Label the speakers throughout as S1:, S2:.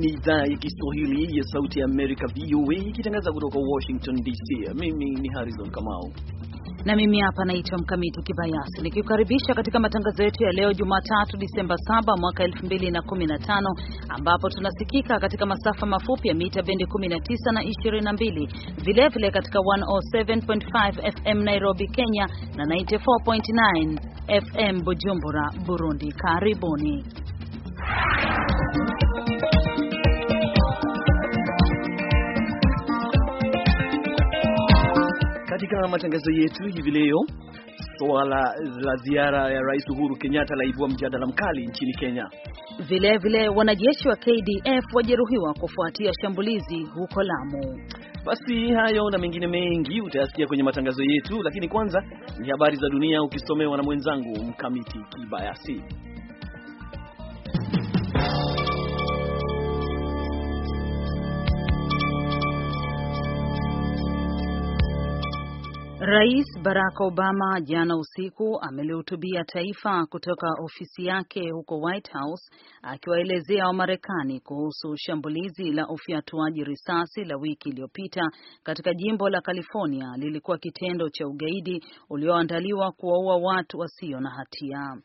S1: ni idhaa ya Kiswahili ya Sauti ya Amerika, VOA, ikitangaza kutoka Washington DC. Mimi ni Harrison Kamau
S2: na mimi hapa naitwa Mkamiti Kibayasi nikikukaribisha katika matangazo yetu ya leo Jumatatu Disemba 7 mwaka 2015, ambapo tunasikika katika masafa mafupi ya mita bendi 19 na 22, vilevile vile katika 107.5 FM Nairobi, Kenya na 94.9 FM Bujumbura, Burundi.
S1: Karibuni. Katika matangazo yetu hivi leo, swala la ziara ya Rais Uhuru Kenyatta laibua mjadala mkali nchini Kenya.
S2: Vilevile vile, wanajeshi wa KDF wajeruhiwa kufuatia shambulizi huko Lamu.
S1: Basi hayo na mengine mengi utayasikia kwenye matangazo yetu, lakini kwanza ni habari za dunia ukisomewa na mwenzangu Mkamiti Kibayasi.
S2: Rais Barack Obama jana usiku amelihutubia taifa kutoka ofisi yake huko White House akiwaelezea Wamarekani kuhusu shambulizi la ufyatuaji risasi la wiki iliyopita katika jimbo la California lilikuwa kitendo cha ugaidi ulioandaliwa kuwaua watu wasio na hatia.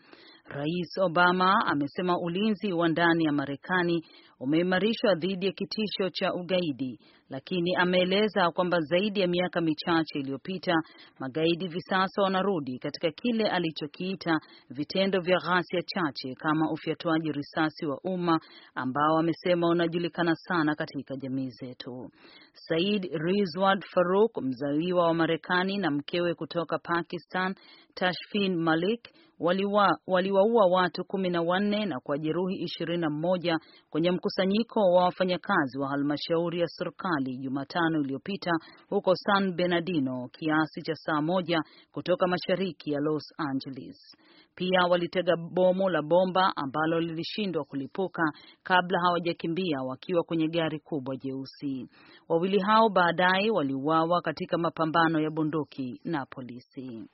S2: Rais Obama amesema ulinzi wa ndani ya Marekani umeimarishwa dhidi ya kitisho cha ugaidi, lakini ameeleza kwamba zaidi ya miaka michache iliyopita magaidi hivi sasa wanarudi katika kile alichokiita vitendo vya ghasia chache kama ufyatuaji risasi wa umma ambao amesema unajulikana sana katika jamii zetu. Said Rizwad Farooq, mzaliwa wa Marekani na mkewe kutoka Pakistan, Tashfin Malik waliwaua waliwa watu kumi na wanne na kuwajeruhi ishirini na mmoja kwenye mkusanyiko wa wafanyakazi wa halmashauri ya serikali Jumatano iliyopita huko San Bernardino, kiasi cha saa moja kutoka mashariki ya Los Angeles. Pia walitega bomu la bomba ambalo lilishindwa kulipuka kabla hawajakimbia wakiwa kwenye gari kubwa jeusi. Wawili hao baadaye waliuawa katika mapambano ya bunduki na polisi.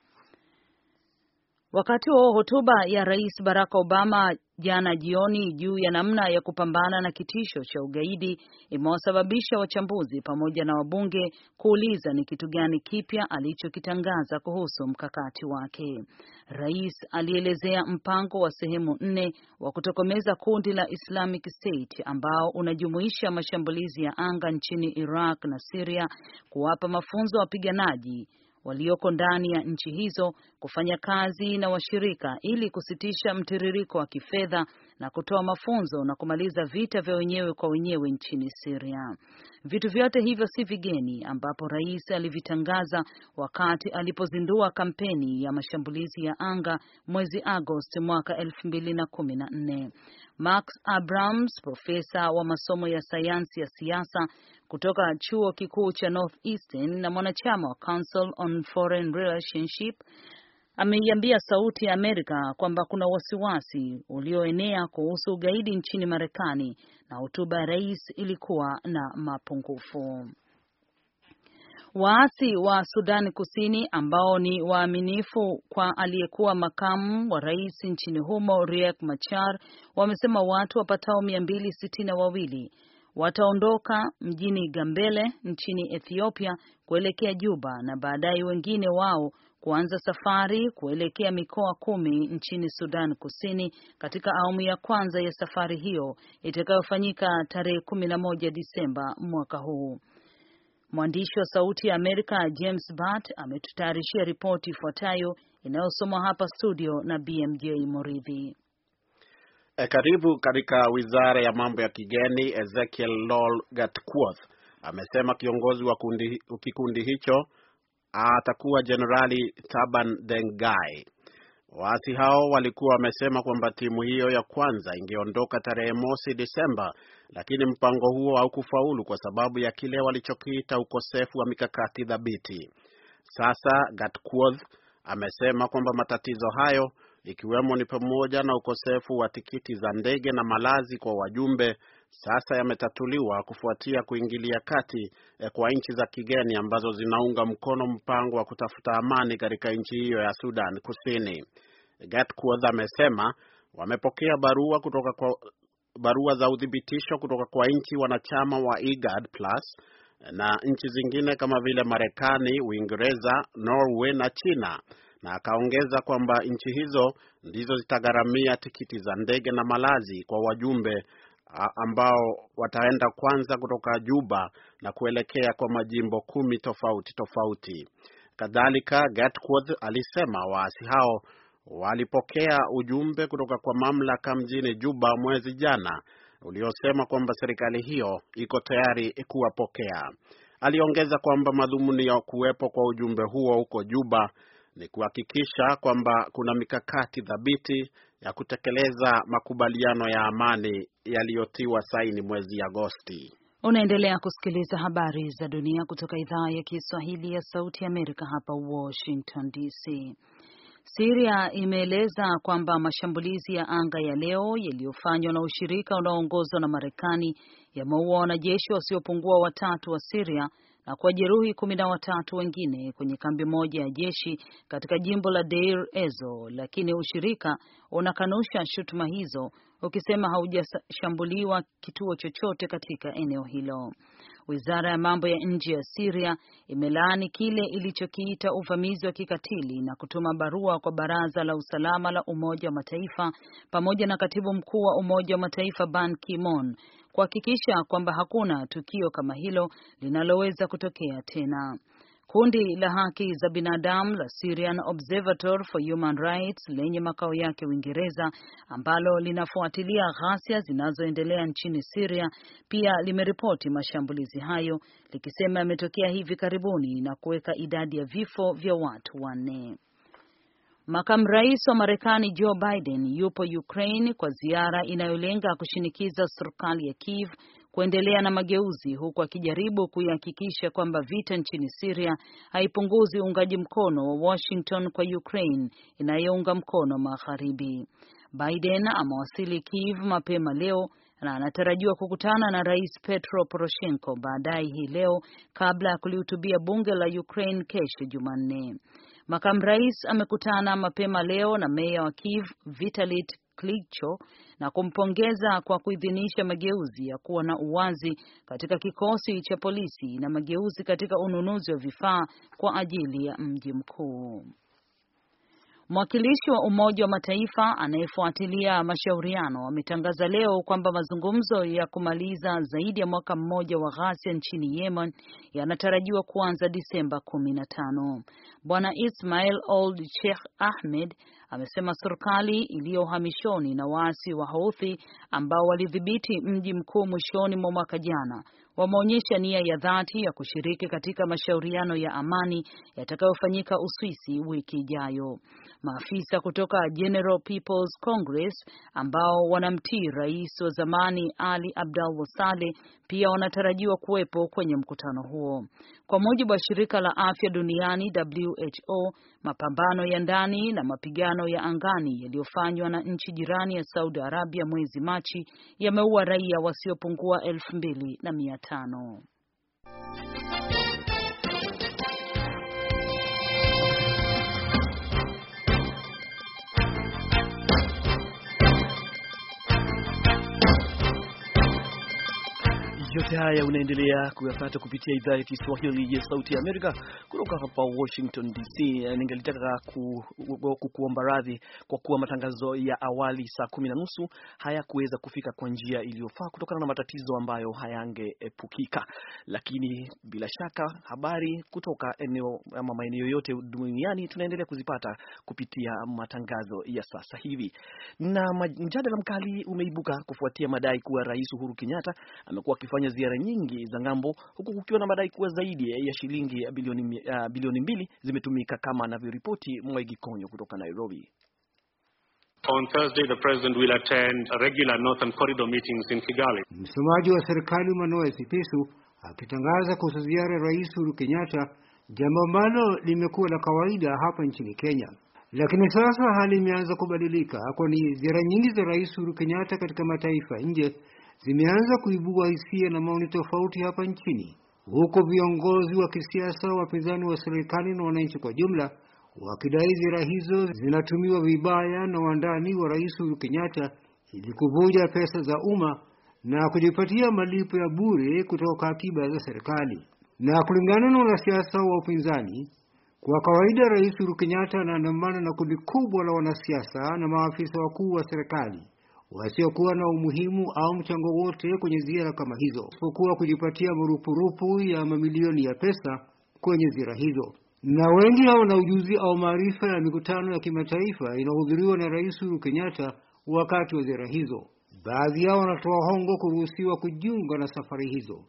S2: Wakati wa hotuba ya Rais Barack Obama jana jioni juu ya namna ya kupambana na kitisho cha ugaidi imewasababisha wachambuzi pamoja na wabunge kuuliza ni kitu gani kipya alichokitangaza kuhusu mkakati wake. Rais alielezea mpango wa sehemu nne wa kutokomeza kundi la Islamic State ambao unajumuisha mashambulizi ya anga nchini Iraq na Syria, kuwapa mafunzo wapiganaji walioko ndani ya nchi hizo kufanya kazi na washirika ili kusitisha mtiririko wa kifedha na kutoa mafunzo na kumaliza vita vya wenyewe kwa wenyewe nchini Syria. Vitu vyote hivyo si vigeni, ambapo rais alivitangaza wakati alipozindua kampeni ya mashambulizi ya anga mwezi Agosti mwaka 2014. Max Abrams, profesa wa masomo ya sayansi ya siasa kutoka chuo kikuu cha Northeastern na mwanachama wa Council on Foreign Relationship ameiambia Sauti ya Amerika kwamba kuna wasiwasi ulioenea kuhusu ugaidi nchini Marekani na hotuba ya rais ilikuwa na mapungufu. Waasi wa Sudani Kusini ambao ni waaminifu kwa aliyekuwa makamu wa rais nchini humo Riek Machar wamesema watu wapatao mia mbili sitini na wawili wataondoka mjini Gambele nchini Ethiopia kuelekea Juba na baadaye wengine wao kuanza safari kuelekea mikoa kumi nchini Sudan Kusini katika awamu ya kwanza ya safari hiyo itakayofanyika tarehe kumi na moja Disemba mwaka huu. Mwandishi wa Sauti ya Amerika James Bart ametutayarishia ripoti ifuatayo inayosomwa hapa studio na BMJ Moridhi.
S3: E, karibu katika wizara ya mambo ya kigeni Ezekiel Lol Gatkuoth amesema kiongozi wa kundi, kikundi hicho atakuwa Jenerali Taban Dengai. Waasi hao walikuwa wamesema kwamba timu hiyo ya kwanza ingeondoka tarehe mosi Desemba, lakini mpango huo haukufaulu kwa sababu ya kile walichokiita ukosefu wa mikakati thabiti. Sasa Gatkuoth amesema kwamba matatizo hayo ikiwemo ni pamoja na ukosefu wa tikiti za ndege na malazi kwa wajumbe, sasa yametatuliwa kufuatia kuingilia kati eh, kwa nchi za kigeni ambazo zinaunga mkono mpango wa kutafuta amani katika nchi hiyo ya Sudan Kusini. Gatkuoth amesema wamepokea barua kutoka kwa barua za uthibitisho kutoka kwa nchi wanachama wa IGAD Plus eh, na nchi zingine kama vile Marekani, Uingereza, Norway na China na akaongeza kwamba nchi hizo ndizo zitagharamia tikiti za ndege na malazi kwa wajumbe ambao wataenda kwanza kutoka Juba na kuelekea kwa majimbo kumi tofauti tofauti. Kadhalika, Gatkuoth alisema waasi hao walipokea ujumbe kutoka kwa mamlaka mjini Juba mwezi jana uliosema kwamba serikali hiyo iko tayari kuwapokea. Aliongeza kwamba madhumuni ya kuwepo kwa ujumbe huo huko Juba ni kuhakikisha kwamba kuna mikakati thabiti ya kutekeleza makubaliano ya amani yaliyotiwa saini mwezi Agosti.
S2: Unaendelea kusikiliza habari za dunia kutoka idhaa ya Kiswahili ya Sauti ya Amerika hapa Washington DC. Siria imeeleza kwamba mashambulizi ya anga ya leo yaliyofanywa na ushirika unaoongozwa na Marekani yameua wanajeshi wasiopungua watatu wa Siria na kuwajeruhi kumi na watatu wengine kwenye kambi moja ya jeshi katika jimbo la Deir ezo lakini ushirika unakanusha shutuma hizo ukisema haujashambuliwa kituo chochote katika eneo hilo. Wizara ya mambo ya nje ya Syria imelaani kile ilichokiita uvamizi wa kikatili na kutuma barua kwa Baraza la Usalama la Umoja wa Mataifa pamoja na Katibu Mkuu wa Umoja wa Mataifa Ban Ki-moon kuhakikisha kwamba hakuna tukio kama hilo linaloweza kutokea tena. Kundi la haki za binadamu la Syrian Observatory for Human Rights lenye makao yake Uingereza, ambalo linafuatilia ghasia zinazoendelea nchini Syria, pia limeripoti mashambulizi hayo likisema yametokea hivi karibuni na kuweka idadi ya vifo vya watu wanne. Makamu rais wa Marekani Joe Biden yupo Ukraine kwa ziara inayolenga kushinikiza serikali ya Kiev kuendelea na mageuzi huku akijaribu kuihakikisha kwamba vita nchini Syria haipunguzi uungaji mkono wa Washington kwa Ukraine inayounga mkono magharibi. Biden amewasili Kiev mapema leo na anatarajiwa kukutana na Rais Petro Poroshenko baadaye hii leo kabla ya kulihutubia bunge la Ukraine kesho Jumanne. Makamu rais amekutana mapema leo na meya wa Kiev Vitalit Klitschko na kumpongeza kwa kuidhinisha mageuzi ya kuwa na uwazi katika kikosi cha polisi na mageuzi katika ununuzi wa vifaa kwa ajili ya mji mkuu. Mwakilishi wa Umoja wa Mataifa anayefuatilia mashauriano ametangaza leo kwamba mazungumzo ya kumaliza zaidi ya mwaka mmoja wa ghasia nchini Yemen yanatarajiwa kuanza Disemba kumi na tano. Bwana Ismail Old Sheikh Ahmed amesema serikali iliyo uhamishoni na waasi wa Houthi ambao walidhibiti mji mkuu mwishoni mwa mwaka jana wameonyesha nia ya dhati ya kushiriki katika mashauriano ya amani yatakayofanyika Uswisi wiki ijayo. Maafisa kutoka General People's Congress ambao wanamtii rais wa zamani Ali Abdallah Saleh pia wanatarajiwa kuwepo kwenye mkutano huo. Kwa mujibu wa shirika la afya duniani WHO, mapambano ya ndani na mapigano ya angani yaliyofanywa na nchi jirani ya Saudi Arabia mwezi Machi yameua raia wasiopungua elfu mbili na mia tano.
S1: Yote haya unaendelea kuyapata kupitia idhaa ya Kiswahili ya Sauti ya Amerika kutoka hapa Washington DC. Ningelitaka ku, kuomba radhi kwa kuwa matangazo ya awali saa kumi na nusu hayakuweza kufika kwa njia iliyofaa kutokana na matatizo ambayo hayangeepukika, lakini bila shaka habari kutoka eneo ama maeneo yote duniani tunaendelea kuzipata kupitia matangazo ya sasa hivi. Na mjadala mkali umeibuka kufuatia madai kuwa Rais Uhuru Kenyatta amekuwa akifanya kufanya ziara nyingi za ng'ambo, huku kukiwa na madai kuwa zaidi ya shilingi eh, bilioni, uh, bilioni mbili zimetumika kama
S4: anavyoripoti Mwaigi Konyo kutoka Nairobi.
S5: On Thursday the president will attend regular northern corridor meetings in Kigali.
S4: Msemaji wa serikali Manoa Esipisu akitangaza kuhusu ziara ya Rais Uhuru Kenyatta, jambo ambalo limekuwa la kawaida hapa nchini Kenya. Lakini sasa hali imeanza kubadilika, kwani ziara nyingi za Rais Uhuru Kenyatta katika mataifa nje zimeanza kuibua hisia na maoni tofauti hapa nchini, huko viongozi wa kisiasa, wapinzani wa serikali na wananchi kwa jumla wakidai zira hizo zinatumiwa vibaya na wandani wa Rais Uhuru Kenyatta ili kuvuja pesa za umma na kujipatia malipo ya bure kutoka akiba za serikali. Na kulingana na wanasiasa wa upinzani, kwa kawaida Rais Uhuru Kenyatta anaandamana na kundi kubwa la wanasiasa na maafisa wakuu wa serikali wasiokuwa na umuhimu au mchango wote kwenye ziara kama hizo, isipokuwa kujipatia marupurupu ya mamilioni ya pesa kwenye ziara hizo. Na wengi hawana ujuzi au maarifa ya mikutano ya kimataifa inayohudhuriwa na Rais Uhuru Kenyatta wakati wa ziara hizo. Baadhi yao wanatoa hongo kuruhusiwa kujiunga na safari hizo.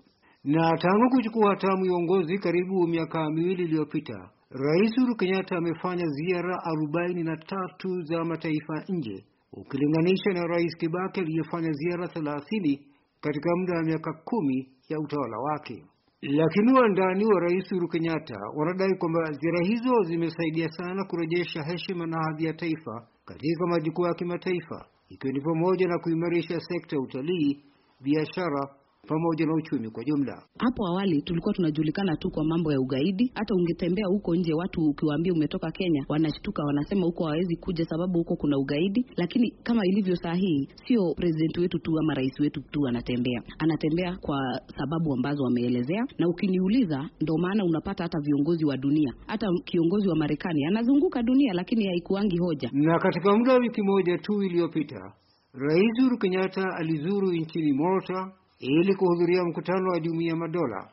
S4: Na tangu kuchukua hatamu uongozi karibu miaka miwili iliyopita, Rais Uhuru Kenyatta amefanya ziara arobaini na tatu za mataifa nje ukilinganisha na Rais Kibaki aliyefanya ziara thelathini katika muda wa miaka kumi ya utawala wake. Lakini wandani wa Rais Uhuru Kenyatta wanadai kwamba ziara hizo zimesaidia sana kurejesha heshima na hadhi ya taifa katika majukwaa ya kimataifa, ikiwa ni pamoja na kuimarisha sekta ya utalii, biashara pamoja na uchumi kwa jumla.
S2: Hapo awali tulikuwa tunajulikana tu kwa mambo ya ugaidi. Hata ungetembea huko nje, watu ukiwaambia umetoka Kenya wanashtuka, wanasema huko hawawezi kuja sababu huko kuna ugaidi. Lakini kama ilivyo saa hii, sio presidenti wetu tu ama rais wetu tu anatembea, anatembea kwa sababu ambazo wameelezea, na ukiniuliza, ndo maana unapata hata viongozi wa dunia,
S4: hata kiongozi
S2: wa Marekani anazunguka dunia, lakini haikuangi hoja.
S4: Na katika muda wa wiki moja tu iliyopita, Rais Uhuru Kenyatta alizuru nchini Malta ili kuhudhuria mkutano wa Jumuiya Madola.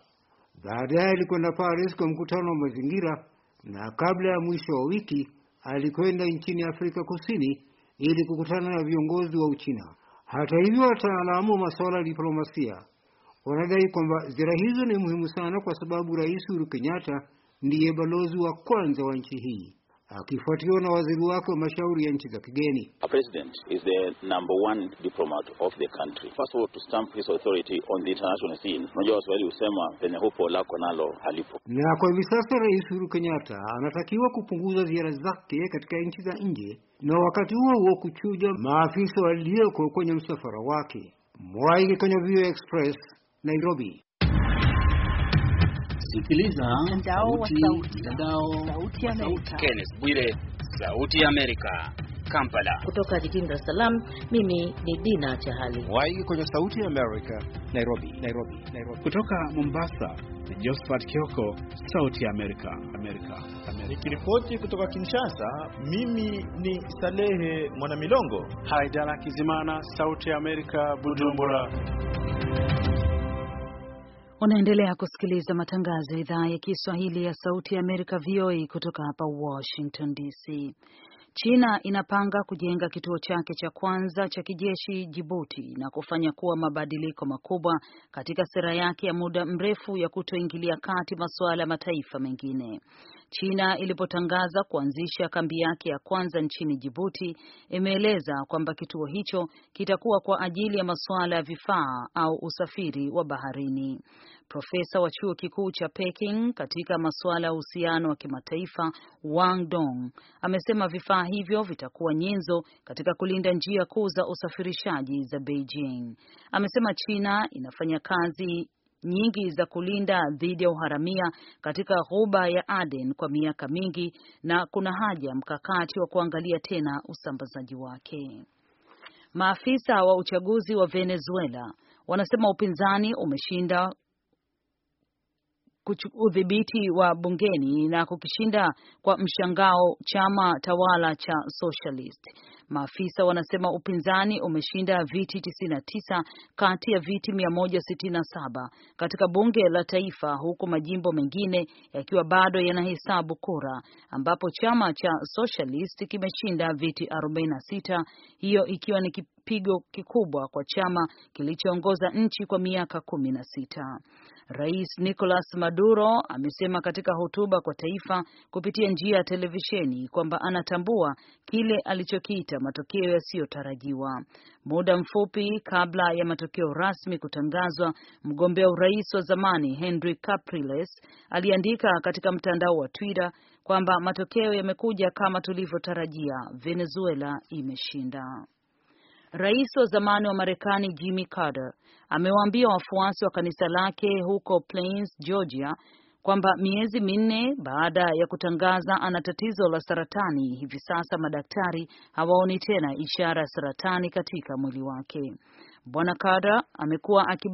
S4: Baadaye alikwenda Paris kwa mkutano wa mazingira, na kabla ya mwisho wa wiki alikwenda nchini Afrika Kusini ili kukutana na viongozi wa Uchina. Hata hivyo, wataalamu wa masuala ya diplomasia wanadai kwamba ziara hizo ni muhimu sana kwa sababu Rais Uhuru Kenyatta ndiye balozi wa kwanza wa nchi hii akifuatiwa na waziri wake wa mashauri ya nchi za kigeni.
S3: A president is the number one diplomat of the country. First of all, to stamp his authority on the international scene. Unajua Waswahili husema penye hupo lako nalo halipo.
S4: Na kwa hivi sasa Rais Uhuru Kenyatta anatakiwa kupunguza ziara zake katika nchi za nje na wakati huo huo kuchuja maafisa walioko kwenye msafara wake. Mwaige kwenye View Express, Nairobi. Sikiliza
S6: mtandao wa sauti, sauti ya Amerika. Kenneth
S7: Bwire, sauti ya Amerika, Kampala.
S8: Kutoka jijini Dar es Salaam, mimi ni
S7: Dina Chahali. Waigi kwenye sauti ya Amerika, Nairobi, Nairobi, Nairobi. Kutoka Mombasa, ni Josephat Kioko, sauti ya Amerika, Amerika. Nikiripoti kutoka Kinshasa, mimi ni Salehe Mwanamilongo. Haidara Kizimana, sauti ya Amerika, Bujumbura.
S2: Unaendelea kusikiliza matangazo ya idhaa ya Kiswahili ya Sauti ya Amerika, VOA, kutoka hapa Washington DC. China inapanga kujenga kituo chake cha kwanza cha kijeshi Jibuti na kufanya kuwa mabadiliko makubwa katika sera yake ya muda mrefu ya kutoingilia kati masuala ya mataifa mengine. China ilipotangaza kuanzisha kambi yake ya kwanza nchini Jibuti, imeeleza kwamba kituo hicho kitakuwa kwa ajili ya masuala ya vifaa au usafiri wa baharini. Profesa wa chuo kikuu cha Peking katika masuala ya uhusiano wa kimataifa Wang Dong amesema vifaa hivyo vitakuwa nyenzo katika kulinda njia kuu za usafirishaji za Beijing. Amesema China inafanya kazi nyingi za kulinda dhidi ya uharamia katika ghuba ya Aden kwa miaka mingi na kuna haja mkakati wa kuangalia tena usambazaji wake. Maafisa wa uchaguzi wa Venezuela wanasema upinzani umeshinda udhibiti wa bungeni na kukishinda kwa mshangao chama tawala cha Socialist. Maafisa wanasema upinzani umeshinda viti 99 kati ya viti 167 katika bunge la taifa, huku majimbo mengine yakiwa bado yanahesabu kura, ambapo chama cha Socialist kimeshinda viti 46, hiyo ikiwa ni kipigo kikubwa kwa chama kilichoongoza nchi kwa miaka sita. Rais Nicolas Maduro amesema katika hotuba kwa taifa kupitia njia ya televisheni kwamba anatambua kile alichokiita matokeo yasiyotarajiwa. Muda mfupi kabla ya matokeo rasmi kutangazwa, mgombea urais wa zamani Henry Capriles aliandika katika mtandao wa Twitter kwamba matokeo yamekuja kama tulivyotarajia, Venezuela imeshinda. Rais wa zamani wa Marekani Jimmy Carter amewaambia wafuasi wa kanisa lake huko Plains, Georgia kwamba miezi minne baada ya kutangaza ana tatizo la saratani, hivi sasa madaktari hawaoni tena ishara ya saratani katika mwili wake. Bwana Carter amekuwa aki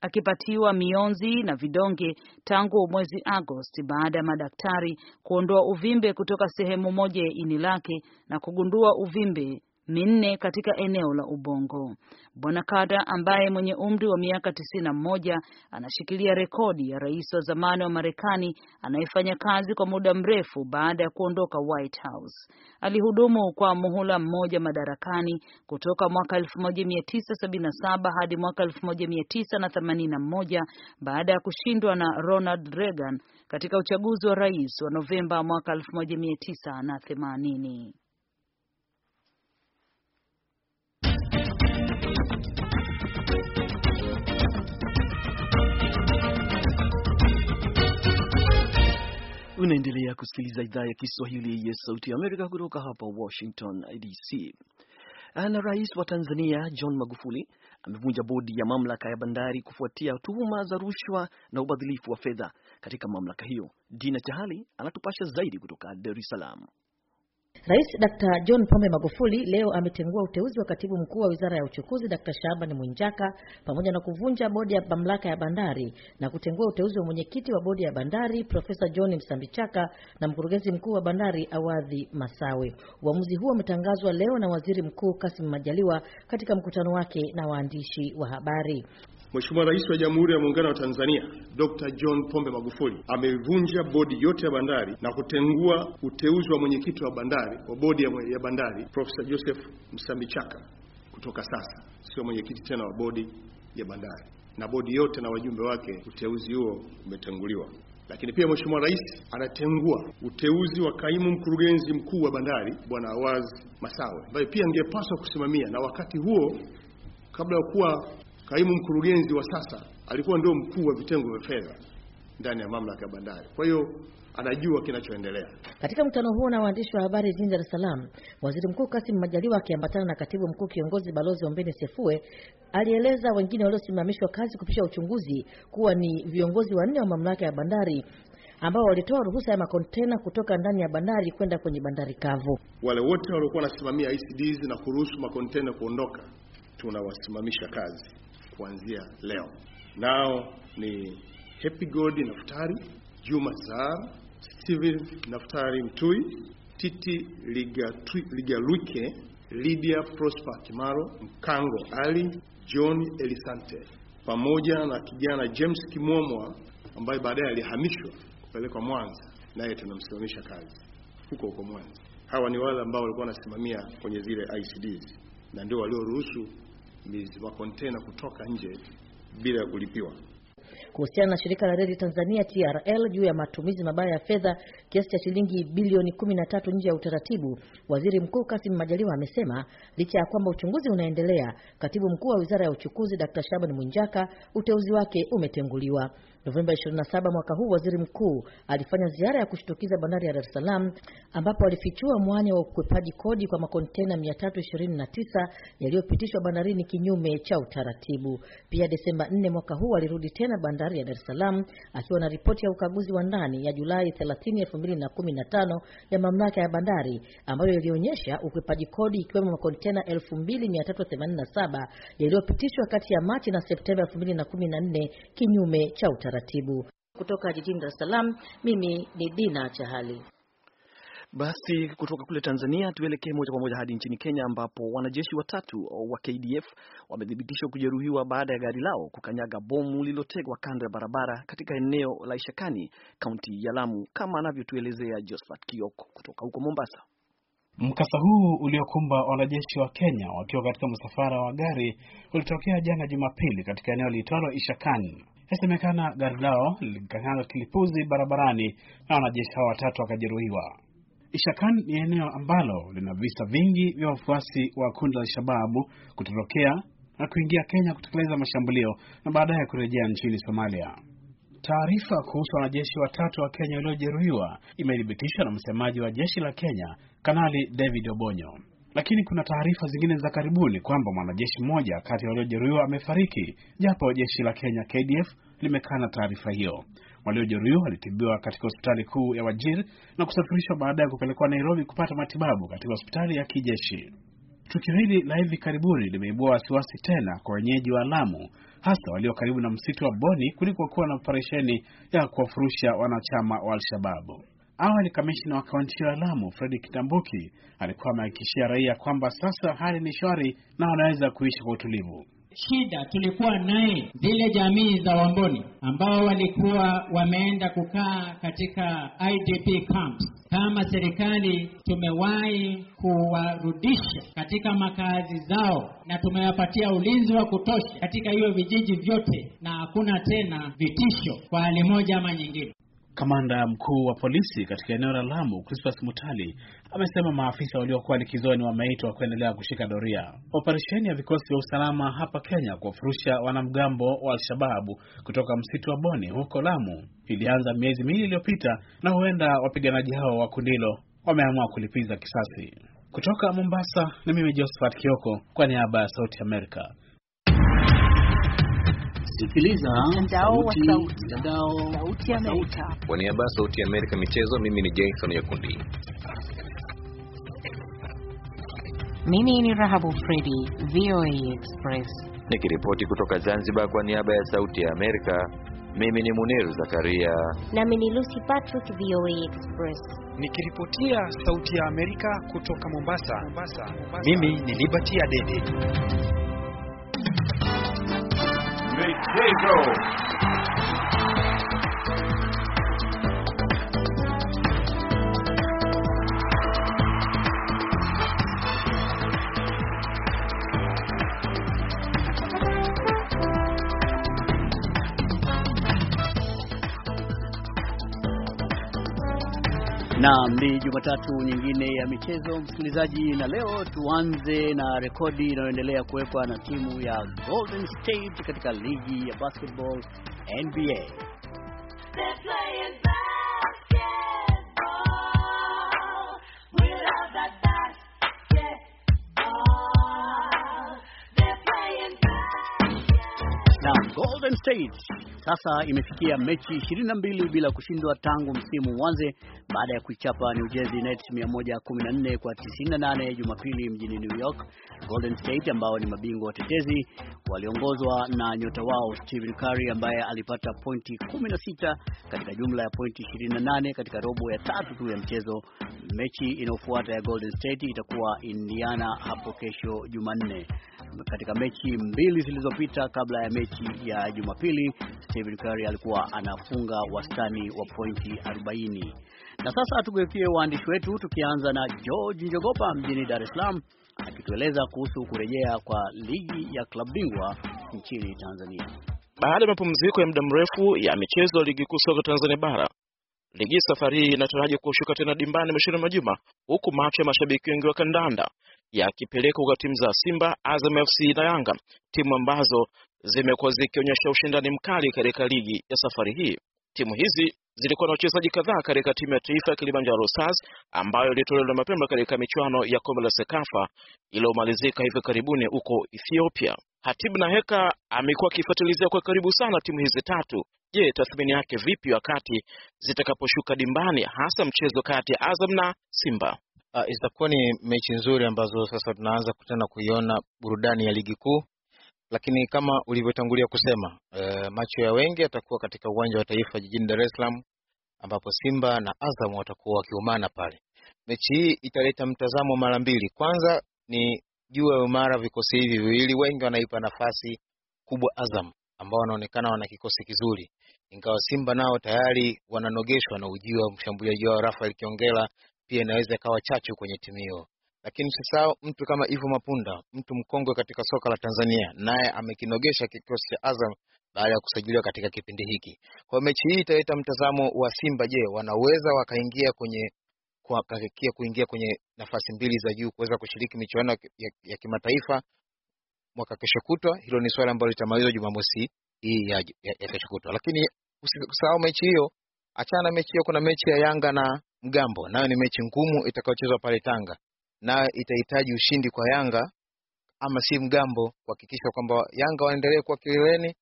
S2: akipatiwa mionzi na vidonge tangu mwezi Agosti baada ya madaktari kuondoa uvimbe kutoka sehemu moja ya ini lake na kugundua uvimbe minne katika eneo la ubongo. Bwana Carter ambaye mwenye umri wa miaka tisini na moja anashikilia rekodi ya rais wa zamani wa Marekani anayefanya kazi kwa muda mrefu baada ya kuondoka White House. Alihudumu kwa muhula mmoja madarakani kutoka mwaka 1977 hadi mwaka 1981 baada ya kushindwa na Ronald Reagan katika uchaguzi wa rais wa Novemba mwaka 1980.
S1: Unaendelea kusikiliza idhaa ya Kiswahili ya Sauti ya Amerika kutoka hapa Washington DC. Na rais wa Tanzania John Magufuli amevunja bodi ya mamlaka ya bandari kufuatia tuhuma za rushwa na ubadhilifu wa fedha katika mamlaka hiyo. Dina Chahali anatupasha zaidi kutoka Dar es Salaam.
S8: Rais Dr. John Pombe Magufuli leo ametengua uteuzi wa katibu mkuu wa Wizara ya Uchukuzi Dr. Shaabani mwinjaka pamoja na kuvunja bodi ya mamlaka ya bandari na kutengua uteuzi wa mwenyekiti wa bodi ya bandari Profesa John Msambichaka na mkurugenzi mkuu wa bandari Awadhi Masawe. Uamuzi huo umetangazwa leo na Waziri Mkuu Kassim Majaliwa katika mkutano wake na waandishi wa habari.
S9: Mheshimiwa Rais wa Jamhuri ya Muungano wa Tanzania Dr. John Pombe Magufuli amevunja bodi yote ya bandari na kutengua uteuzi wa mwenyekiti wa bandari wa bodi ya bandari Profesa Joseph msambichaka kutoka sasa sio mwenyekiti tena wa bodi ya bandari, na bodi yote na wajumbe wake, uteuzi huo umetenguliwa. Lakini pia Mheshimiwa Rais anatengua uteuzi wa kaimu mkurugenzi mkuu wa bandari Bwana Awaz Masawe ambaye pia angepaswa kusimamia na wakati huo kabla ya kuwa Kaimu mkurugenzi wa sasa alikuwa ndio mkuu wa vitengo vya fedha ndani ya mamlaka ya bandari, kwa hiyo anajua kinachoendelea. Katika
S8: mkutano huo na waandishi wa habari jijini Dar es Salaam, Waziri Mkuu Kassim Majaliwa akiambatana na Katibu Mkuu Kiongozi Balozi Ombeni Sefue alieleza wengine waliosimamishwa kazi kupisha uchunguzi kuwa ni viongozi wanne wa mamlaka ya bandari ambao walitoa ruhusa ya makontena kutoka ndani ya bandari kwenda kwenye bandari kavu.
S9: Wale wote waliokuwa wanasimamia ICDs na kuruhusu makontena kuondoka tunawasimamisha kazi kuanzia leo. Nao ni Happy God Naftari, Juma Zahar, Steven Naftari Mtui, Titi Ligaluike, Lydia Prosper Kimaro, Mkango Ali, John Elisante pamoja na kijana James Kimomwa ambaye baadaye alihamishwa kupelekwa Mwanza, naye tunamsimamisha kazi huko huko Mwanza. Hawa ni wale ambao walikuwa wanasimamia kwenye zile ICDs na ndio walioruhusu makontena kutoka nje bila ya kulipiwa. Kuhusiana
S8: na shirika la reli Tanzania TRL juu ya matumizi mabaya ya fedha kiasi cha shilingi bilioni 13 nje ya utaratibu. Waziri Mkuu Kasim Majaliwa amesema licha ya kwamba uchunguzi unaendelea, katibu mkuu wa wizara ya uchukuzi Dr. Shaban mwinjaka uteuzi wake umetenguliwa. Novemba 27 mwaka huu waziri mkuu alifanya ziara ya kushtukiza bandari ya Dar es Salaam ambapo alifichua mwanya wa ukwepaji kodi kwa makontena 329 yaliyopitishwa bandarini kinyume cha utaratibu. Pia Desemba 4 mwaka huu alirudi tena bandari ya Dar es Salaam akiwa na ripoti ya ukaguzi wa ndani ya Julai 30 2015 ya mamlaka ya bandari ambayo ilionyesha ukwepaji kodi ikiwemo makontena 2387 yaliyopitishwa kati ya Machi na Septemba 2014 kinyume cha
S1: utaratibu.
S8: Kutoka jijini Dar es Salaam, mimi ni Dina Chahali.
S1: Basi kutoka kule Tanzania tuelekee moja kwa moja hadi nchini Kenya ambapo wanajeshi watatu wa KDF wamethibitishwa kujeruhiwa baada ya gari lao kukanyaga bomu lililotegwa kando ya barabara katika eneo la Ishakani, kaunti ya Lamu, kama anavyotuelezea Josephat Kioko
S7: kutoka huko Mombasa. Mkasa huu uliokumba wanajeshi wa Kenya wakiwa katika msafara wa gari ulitokea jana Jumapili katika eneo liitwalo Ishakani. Inasemekana gari lao lilikanyaga kilipuzi barabarani na wanajeshi hao watatu wakajeruhiwa. Ishakan ni eneo ambalo lina visa vingi vya wafuasi wa kundi la Al-Shababu kutorokea na kuingia Kenya kutekeleza mashambulio na baadaye kurejea nchini Somalia. Taarifa kuhusu wanajeshi watatu wa Kenya waliojeruhiwa imethibitishwa na msemaji wa jeshi la Kenya, Kanali David Obonyo. Lakini kuna taarifa zingine za karibuni kwamba mwanajeshi mmoja kati ya waliojeruhiwa amefariki, japo jeshi la Kenya KDF limekana taarifa hiyo. Waliojeruhiwa walitibiwa katika hospitali kuu ya Wajir na kusafirishwa baadaye kupelekwa Nairobi kupata matibabu katika hospitali ya kijeshi. Tukio hili la hivi karibuni limeibua wasiwasi tena kwa wenyeji wa Lamu, hasa walio karibu na msitu wa Boni kuliko kuwa na operesheni ya kuwafurusha wanachama wa Al-Shababu. Awali kamishina wa kaunti ya Lamu Fredi Kitambuki alikuwa amehakikishia raia kwamba sasa hali ni shwari na wanaweza kuishi kwa utulivu
S10: shida tulikuwa naye zile jamii za Wamboni ambao walikuwa wameenda kukaa katika IDP camps. Kama serikali tumewahi kuwarudisha katika makazi zao na tumewapatia ulinzi wa kutosha katika hiyo vijiji vyote, na hakuna tena vitisho kwa hali moja ama nyingine.
S7: Kamanda mkuu wa polisi katika eneo la Lamu, Crispas Mutali, amesema maafisa waliokuwa likizoni wameitwa kuendelea kushika doria. Operesheni ya vikosi vya usalama hapa Kenya kuwafurusha wanamgambo wa Al-Shababu kutoka msitu wa Boni huko Lamu ilianza miezi miwili iliyopita, na huenda wapiganaji hao wa kundi hilo wameamua kulipiza kisasi. Kutoka Mombasa, ni mimi Josephat Kioko kwa niaba ya
S5: Sauti Amerika.
S4: Sikiliza mtandao wa sauti, ya Amerika.
S5: Kwa niaba ya sauti ya Amerika michezo, mimi ni Jason Yakundi.
S8: Mimi ni Rahabu Fredi, VOA
S10: Express. Nikiripoti kutoka Zanzibar kwa niaba ya sauti ya Amerika, mimi
S5: ni Munir Zakaria.
S7: Nami ni Lucy Patrick, VOA Express. Nikiripotia sauti ya Amerika kutoka Mombasa,
S4: Mombasa, Mombasa.
S7: Mimi ni Liberty Adede.
S4: Jago.
S6: Naam, ni Jumatatu nyingine ya michezo msikilizaji, na leo tuanze na rekodi inayoendelea kuwekwa na timu ya Golden State katika ligi ya basketball NBA. Golden State sasa imefikia mechi 22 bila kushindwa tangu msimu uanze baada ya kuichapa New Jersey Nets 114 kwa 98 Jumapili mjini New York. Golden State ambao ni mabingwa watetezi waliongozwa na nyota wao Stephen Curry ambaye alipata pointi 16 katika jumla ya pointi 28 katika robo ya tatu tu ya mchezo. Mechi inayofuata ya Golden State itakuwa Indiana hapo kesho Jumanne katika mechi mbili zilizopita kabla ya mechi ya Jumapili, Stephen Curry alikuwa anafunga wastani wa pointi 40. Na sasa tugeukie waandishi wetu tukianza na George Njogopa mjini Dar es Salaam akitueleza kuhusu kurejea kwa ligi ya klabu bingwa nchini Tanzania.
S10: Baada ya mapumziko ya muda mrefu ya michezo ya ligi kuu soka Tanzania bara, Ligi safari hii inataraji kushuka tena dimbani mwishoni mwa juma, huku macho ya mashabiki wengi wa kandanda yakipeleka kwa timu za Simba, Azam FC na Yanga, timu ambazo zimekuwa zikionyesha ushindani mkali katika ligi ya safari hii. Timu hizi zilikuwa na wachezaji kadhaa katika timu ya taifa ya Kilimanjaro Stars ambayo ilitolewa mapema katika michuano ya kombe la Sekafa iliyomalizika hivi karibuni huko Ethiopia. Hatibu na Heka amekuwa akifuatilizia kwa karibu sana timu hizi tatu. Je, tathmini yake vipi wakati zitakaposhuka dimbani, hasa mchezo kati ya Azam na Simba? Uh, itakuwa ni mechi nzuri ambazo sasa tunaanza kutana kuiona burudani ya ligi kuu, lakini kama ulivyotangulia kusema uh, macho ya wengi yatakuwa katika uwanja wa Taifa jijini Dar es Salaam ambapo Simba na Azam watakuwa wakiumana pale. Mechi hii italeta mtazamo mara mbili. Kwanza ni juu ya umara vikosi hivi viwili, wengi wanaipa nafasi kubwa Azam ambao wanaonekana wana kikosi kizuri, ingawa Simba nao tayari wananogeshwa na ujio wa mshambuliaji wao Rafael Kiongela, pia inaweza ikawa chachu kwenye timu hiyo. Lakini sisao mtu kama Ivo Mapunda, mtu mkongwe katika soka la Tanzania, naye amekinogesha kikosi cha Azam baada ya kusajiliwa katika kipindi hiki. Kwa mechi hii italeta mtazamo wa Simba. Je, wanaweza wakaingia kwenye kuhakikia kuingia kwenye nafasi mbili za juu kuweza kushiriki michuano ya, ya kimataifa mwaka kesho kutwa. Hilo ni swala ambalo litamalizwa Jumamosi hii ya, ya, ya kesho kutwa, lakini usisahau mechi hiyo, achana na mechi hiyo, kuna mechi ya Yanga na Mgambo, nayo ni mechi ngumu itakayochezwa pale Tanga, nayo itahitaji ushindi kwa Yanga ama si Mgambo kuhakikisha kwamba Yanga waendelee kuwa kileleni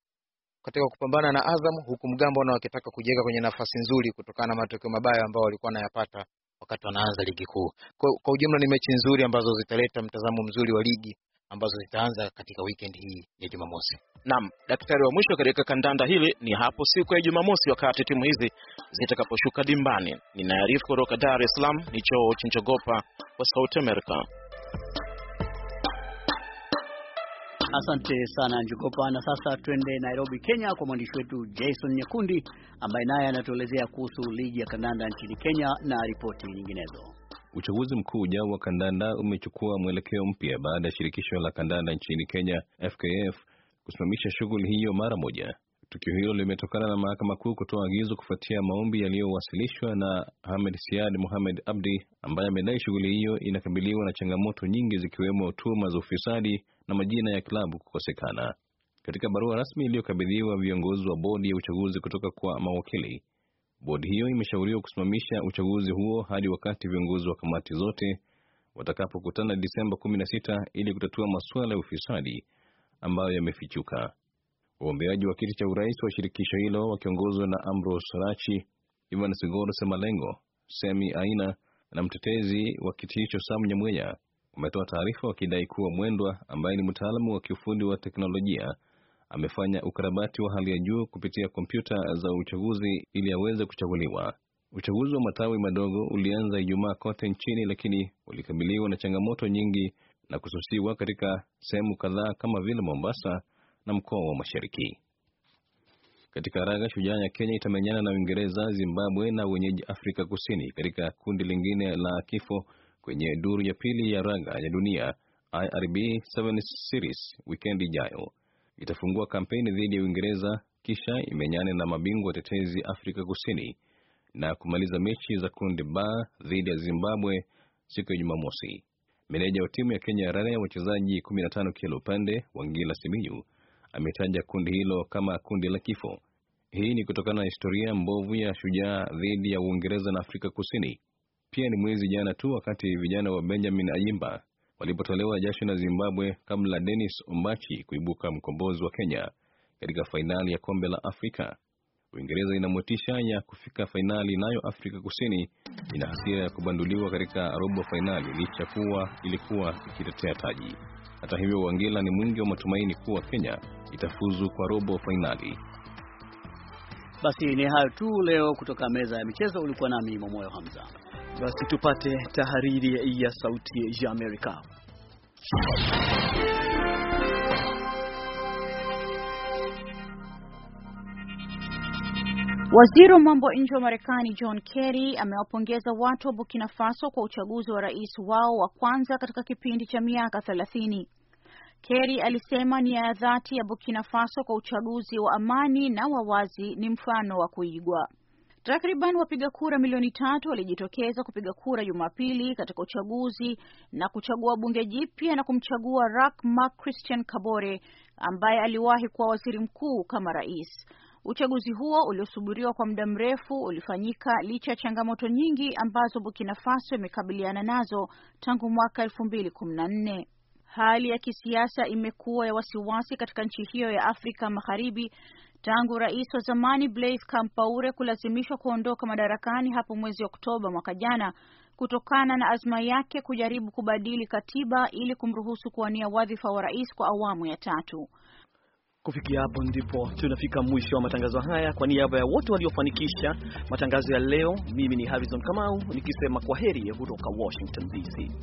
S10: katika kupambana na Azam, huku Mgambo nao wakitaka kujiweka kwenye nafasi nzuri kutokana na matokeo mabaya ambayo walikuwa wanayapata wakati wanaanza ligi kuu. Kwa, kwa ujumla ni mechi nzuri ambazo zitaleta mtazamo mzuri wa ligi ambazo zitaanza katika weekend hii ya Jumamosi. Naam, daktari wa mwisho katika kandanda hili ni hapo siku ya Jumamosi wakati timu hizi zitakaposhuka dimbani. Ninaarifu kutoka Dar es Salaam ni Choo Chinjogopa South America.
S6: Asante sana Njogopa. Na sasa twende Nairobi, Kenya, kwa mwandishi wetu Jason Nyakundi ambaye naye anatuelezea kuhusu ligi ya kandanda nchini Kenya na ripoti nyinginezo.
S5: Uchaguzi mkuu ujao wa kandanda umechukua mwelekeo mpya baada ya shirikisho la kandanda nchini Kenya FKF kusimamisha shughuli hiyo mara moja. Tukio hilo limetokana na mahakama kuu kutoa agizo kufuatia maombi yaliyowasilishwa na Hamed Siad Mohamed Abdi ambaye amedai shughuli hiyo inakabiliwa na changamoto nyingi zikiwemo tuhuma za ufisadi, na majina ya klabu kukosekana. Katika barua rasmi iliyokabidhiwa viongozi wa bodi ya uchaguzi kutoka kwa mawakili, bodi hiyo imeshauriwa kusimamisha uchaguzi huo hadi wakati viongozi wa kamati zote watakapokutana Disemba 16 ili kutatua masuala ya ufisadi ambayo yamefichuka. Waombeaji wa kiti cha urais wa shirikisho hilo wakiongozwa na Ambrose Sarachi, Ivan Sigoro Semalengo, Semi Aina na mtetezi wa kiti hicho Sam Nyamweya umetoa taarifa wakidai kuwa Mwendwa ambaye ni mtaalamu wa kiufundi wa teknolojia amefanya ukarabati wa hali ya juu kupitia kompyuta za uchaguzi ili aweze kuchaguliwa. Uchaguzi wa matawi madogo ulianza Ijumaa kote nchini, lakini ulikabiliwa na changamoto nyingi na kususiwa katika sehemu kadhaa kama vile Mombasa na mkoa wa Mashariki. Katika raga shujaa ya Kenya itamenyana na Uingereza, Zimbabwe na wenyeji Afrika Kusini katika kundi lingine la kifo kwenye duru ya pili ya raga ya dunia IRB 7 Series weekend ijayo. Itafungua kampeni dhidi ya Uingereza, kisha imenyane na mabingwa tetezi Afrika Kusini na kumaliza mechi za kundi ba dhidi ya Zimbabwe siku ya Jumamosi. Meneja wa timu ya Kenya Rare, wachezaji 15 kila upande, Wangila Simiyu ametaja kundi hilo kama kundi la kifo. Hii ni kutokana na historia mbovu ya Shujaa dhidi ya Uingereza na Afrika Kusini. Pia ni mwezi jana tu wakati vijana wa Benjamin Ayimba walipotolewa jasho na Zimbabwe kabla Dennis Ombachi kuibuka mkombozi wa Kenya katika fainali ya kombe la Afrika. Uingereza ina motisha ya kufika fainali, nayo Afrika Kusini ina hasira ya kubanduliwa katika robo fainali licha kuwa ilikuwa ikitetea taji. Hata hivyo, Wangila ni mwingi wa matumaini kuwa Kenya itafuzu kwa robo fainali.
S6: Basi ni hayo tu leo kutoka meza ya michezo. Ulikuwa nami Momoyo Hamza.
S5: Basi tupate
S1: tahariri ya Sauti ya Amerika.
S11: Waziri wa mambo ya nje wa Marekani John Kerry amewapongeza watu wa Burkina Faso kwa uchaguzi wa rais wao wa kwanza katika kipindi cha miaka thelathini. Kerry alisema nia ya dhati ya Burkina Faso kwa uchaguzi wa amani na wa wazi ni mfano wa kuigwa. Takriban wapiga kura milioni tatu walijitokeza kupiga kura Jumapili katika uchaguzi na kuchagua bunge jipya na kumchagua Rak Marc Christian Kabore ambaye aliwahi kuwa waziri mkuu kama rais. Uchaguzi huo uliosubiriwa kwa muda mrefu ulifanyika licha ya changamoto nyingi ambazo Burkina Faso imekabiliana nazo tangu mwaka 2014. Hali ya kisiasa imekuwa ya wasiwasi katika nchi hiyo ya Afrika Magharibi tangu rais wa zamani Blaise Compaore kulazimishwa kuondoka madarakani hapo mwezi Oktoba mwaka jana kutokana na azma yake kujaribu kubadili katiba ili kumruhusu kuwania wadhifa wa rais kwa awamu
S1: ya tatu. Kufikia hapo ndipo tunafika mwisho wa matangazo haya. Kwa niaba ya wote waliofanikisha matangazo ya leo, mimi ni Harrison Kamau nikisema kwa heri kutoka Washington DC.